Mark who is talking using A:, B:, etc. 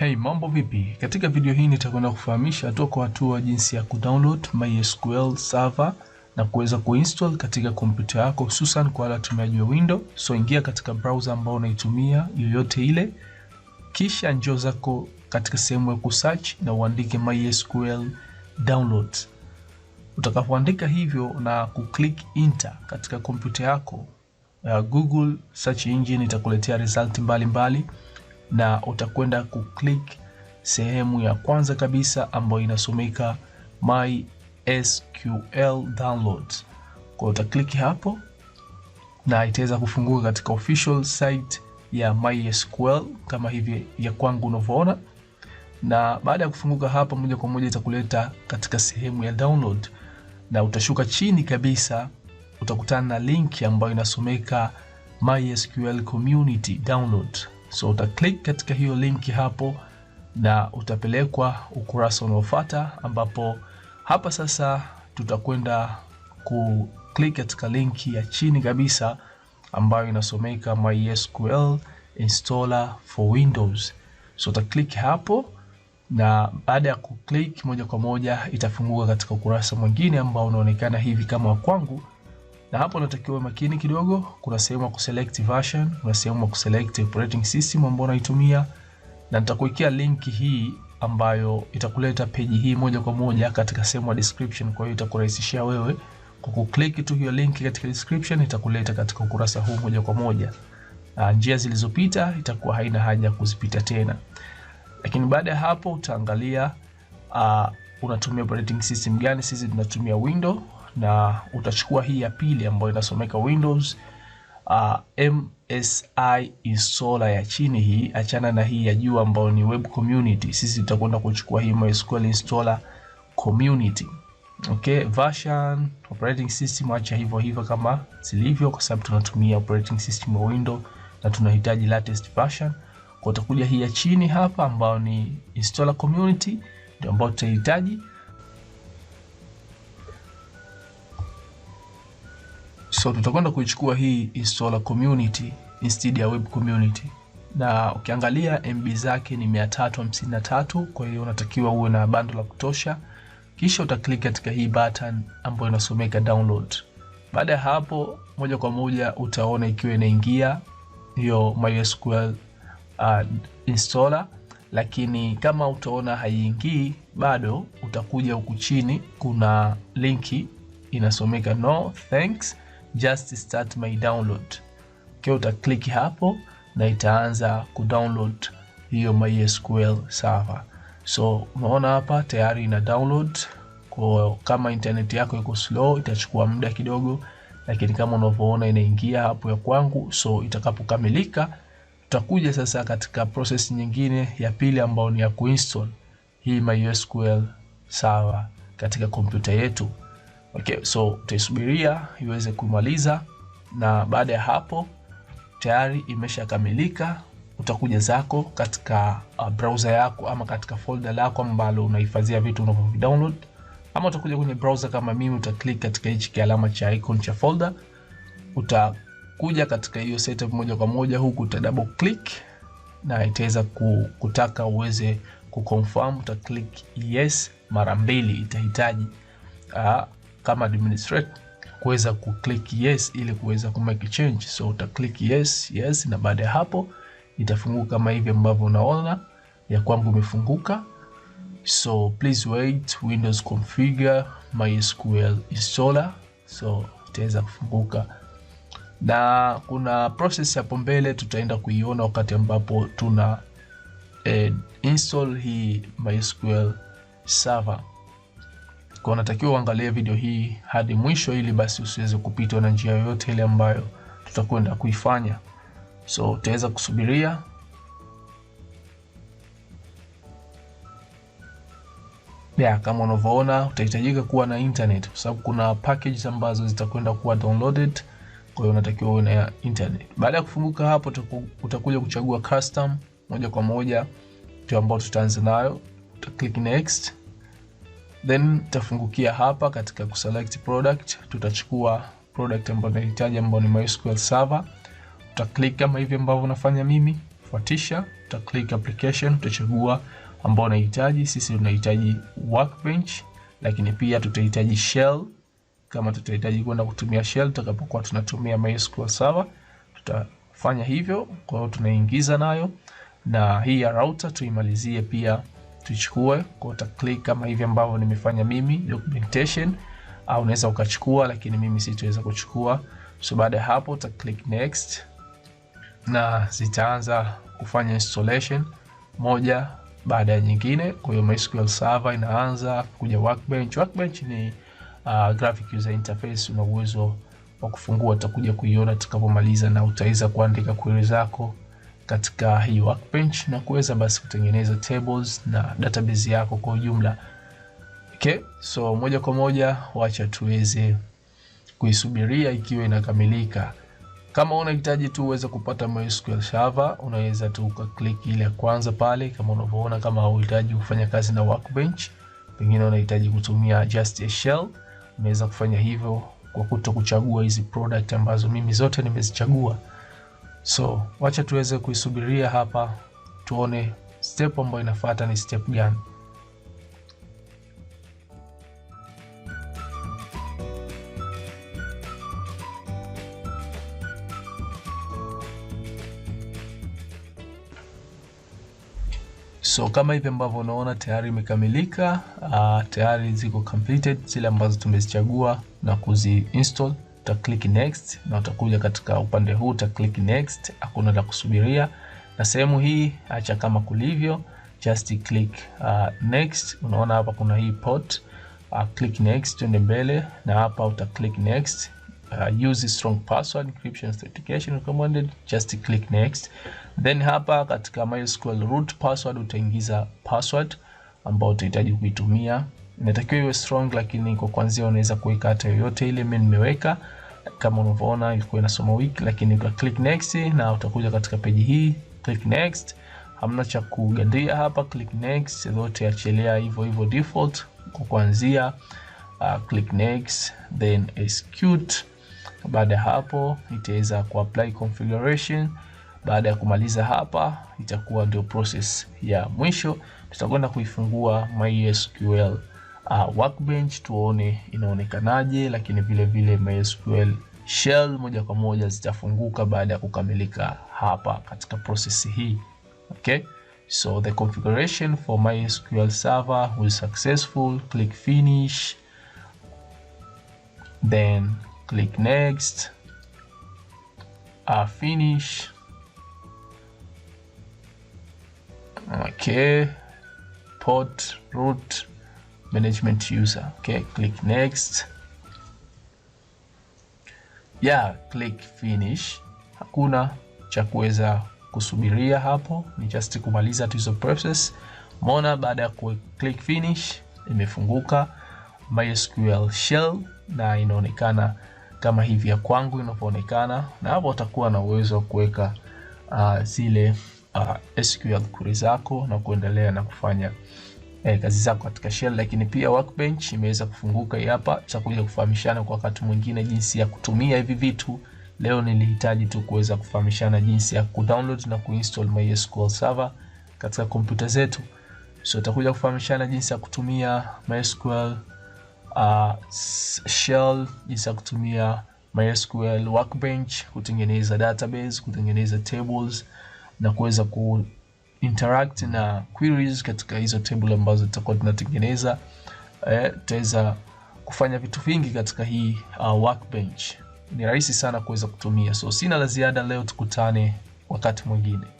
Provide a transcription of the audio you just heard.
A: Hey, mambo vipi? Katika video hii nitakwenda kufahamisha hatua kwa hatua jinsi ya kudownload MySQL server na kuweza kuinstall katika kompyuta yako hususan kwa wale watumiaji wa Windows. So ingia katika browser ambao unaitumia yoyote ile, kisha njoo zako katika sehemu ya kusearch na uandike MySQL download. Utakapoandika hivyo na kuclick enter katika kompyuta yako, uh, Google search engine itakuletea result mbalimbali mbali na utakwenda kuklik sehemu ya kwanza kabisa ambayo inasomeka SQL Downloads. Kwa utaklik hapo na itaweza kufunguka katika official site ya MySQL kama hivi ya kwangu unavyoona, na baada ya kufunguka hapa, moja kwa moja itakuleta katika sehemu ya download, na utashuka chini kabisa utakutana na link ambayo inasomeka MySQL community download. So uta click katika hiyo linki hapo na utapelekwa ukurasa unaofuata, ambapo hapa sasa tutakwenda ku click katika linki ya chini kabisa ambayo inasomeka MySQL installer for Windows. So uta click hapo na baada ya kuclick moja kwa moja itafunguka katika ukurasa mwingine ambao unaonekana hivi kama wa kwangu na hapo unatakiwa makini kidogo. Kuna sehemu ya kuselect version, kuna sehemu ya kuselect operating system ambayo unaitumia, na nitakuwekea link hii ambayo itakuleta peji hii moja kwa moja katika sehemu ya description. Kwa hiyo itakurahisishia wewe kwa kuklik tu hiyo link katika description, itakuleta katika ukurasa huu moja kwa moja. Na Njia zilizopita itakuwa haina haja kuzipita tena, lakini baada ya hapo utaangalia uh, unatumia operating system gani. Sisi tunatumia Windows na utachukua hii ya pili ambayo inasomeka Windows uh, MSI installer ya chini hii, achana na hii ya juu ambayo ni web community. Sisi tutakwenda kuchukua hii MySQL installer community. Okay, version, operating system acha hivyo hivyo kama zilivyo, kwa sababu tunatumia operating system wa Windows na tunahitaji latest version. Kwa utakuja hii ya chini hapa ambayo ni installer community ndio ambayo tutahitaji. So tutakwenda kuichukua hii installer community instead ya web community, na ukiangalia MB zake ni 353, kwa hiyo unatakiwa uwe na bando la kutosha, kisha utaklik katika hii button ambayo inasomeka download. Baada ya hapo, moja kwa moja utaona ikiwa inaingia hiyo MySQL uh, installer lakini kama utaona haiingii bado, utakuja huku chini, kuna linki inasomeka no thanks, just start my download. Ukiwa utakliki hapo na itaanza kudownload hiyo MySQL server. So umeona hapa tayari ina download. Kwa kama internet yako iko slow itachukua muda kidogo, lakini kama unavyoona inaingia hapo ya kwangu. So itakapokamilika tutakuja sasa katika process nyingine ya pili ambayo ni ya kuinstall hii MySQL server katika kompyuta yetu. Okay, so utaisubiria iweze kumaliza, na baada ya hapo tayari imeshakamilika. Utakuja zako katika uh, browser yako ama katika folder lako ambalo unahifadhia vitu unavyovidownload, ama utakuja kwenye browser kama mimi, utaklik katika hichi kialama cha icon cha folder, utakuja katika hiyo setup moja kwa moja huku, uta double click na itaweza kutaka uweze kuconfirm, utaklik yes mara mbili, itahitaji uh, kama administrator kuweza kuclick yes ili kuweza kumake change. So uta click yes, yes, na baada ya hapo itafunguka kama hivi ambavyo unaona ya kwangu imefunguka. So please wait, Windows configure MySQL installer. So itaweza kufunguka na kuna process hapo mbele tutaenda kuiona wakati ambapo tuna eh, install hii MySQL server. Kwa unatakiwa uangalie video hii hadi mwisho ili basi usiweze kupitwa na njia yoyote ile ambayo tutakwenda kuifanya. So utaweza kusubiria ya, kama unavyoona utahitajika kuwa na internet kwa sababu kuna packages ambazo zitakwenda kuwa downloaded, kwa hiyo unatakiwa uwe na internet. Baada ya kufunguka hapo, utakuja kuchagua custom moja kwa moja ndio ambao tutaanza nayo, uta next. Then tafungukia hapa katika kuselect product, tutachukua product ambayo nahitaji ambayo ni MySQL server. Tutaklik kama hivi ambavyo unafanya mimi, fuatisha tutaklik application, tutachagua ambayo unahitaji. sisi. Tunahitaji workbench, lakini pia tutahitaji shell kama tutahitaji kwenda kutumia shell tutakapokuwa tunatumia MySQL server, tutafanya hivyo. Kwa hiyo tunaingiza nayo, na hii ya router tuimalizie pia tuichukue. Kwa utaklik kama hivi ambavyo nimefanya mimi documentation, au unaweza ukachukua, lakini mimi sitaweza kuchukua. So baada ya hapo uta click next na zitaanza kufanya installation moja baada ya nyingine. Kwa hiyo MySQL server inaanza kuja Workbench. Workbench ni uh, graphic user interface, una uwezo wa kufungua, utakuja kuiona tutakapomaliza, na utaweza kuandika query zako katika hii workbench na kuweza basi kutengeneza tables na database yako kwa ujumla. Okay, so moja kwa moja wacha tuweze kuisubiria ikiwa inakamilika. Kama unahitaji tu uweze kupata MySQL Server, unaweza tu ukaklik ile ya kwanza pale, kama unavyoona. Kama unahitaji kufanya kazi na workbench, pengine unahitaji kutumia just a shell, unaweza kufanya hivyo kwa kuto kuchagua hizi product ambazo mimi zote nimezichagua. So wacha tuweze kuisubiria hapa, tuone step ambayo inafuata ni step gani. So kama hivi ambavyo unaona tayari imekamilika. Uh, tayari ziko completed zile ambazo tumezichagua na kuzi install click next na utakuja katika upande huu click next, hakuna la kusubiria. Na sehemu hii acha kama kulivyo, just click uh, next. Unaona hapa kuna hii port uh, click next, twende mbele na hapa uta click next. Uh, use strong password encryption authentication recommended, just click next. Then hapa katika MySQL root password utaingiza password ambayo utahitaji kuitumia inatakiwa iwe strong, lakini kwa kwanzia unaweza kuweka hata yoyote ile. Mimi nimeweka kama unavyoona ilikuwa inasoma week, lakini kwa click next na utakuja katika peji hii, click next. Hamna cha kugandia hapa, click next, zote achelea hivyo hivyo default kwa kuanzia. Uh, click next then execute. Baada ya hapo itaweza ku apply configuration. Baada ya kumaliza hapa, itakuwa ndio process ya mwisho tutakwenda kuifungua MySQL uh, workbench tuone inaonekanaje, lakini vile vile MySQL shell moja kwa moja zitafunguka baada ya kukamilika hapa katika prosesi hii. Okay, so the configuration for MySQL server was successful. Click finish, then click next, uh, finish. Okay, port root management user okay click next yeah click finish hakuna cha kuweza kusubiria hapo ni just kumaliza tu process mona baada ya click finish imefunguka MySQL shell na inaonekana kama hivi ya kwangu inavyoonekana, na hapo utakuwa na uwezo wa kuweka uh, zile uh, SQL query zako na kuendelea na kufanya eh, kazi zako katika Shell, lakini pia Workbench imeweza kufunguka hapa. Tutakuja kufahamishana kwa wakati mwingine jinsi ya kutumia hivi vitu. Leo nilihitaji tu kuweza kufahamishana jinsi ya kudownload na kuinstall MySQL server katika kompyuta zetu, so tutakuja kufahamishana jinsi ya kutumia MySQL uh, Shell, jinsi ya kutumia MySQL Workbench kutengeneza database, kutengeneza tables na kuweza ku interact na queries katika hizo table ambazo tutakuwa tunatengeneza. Eh, tutaweza kufanya vitu vingi katika hii uh, workbench. Ni rahisi sana kuweza kutumia. So sina la ziada leo, tukutane wakati mwingine.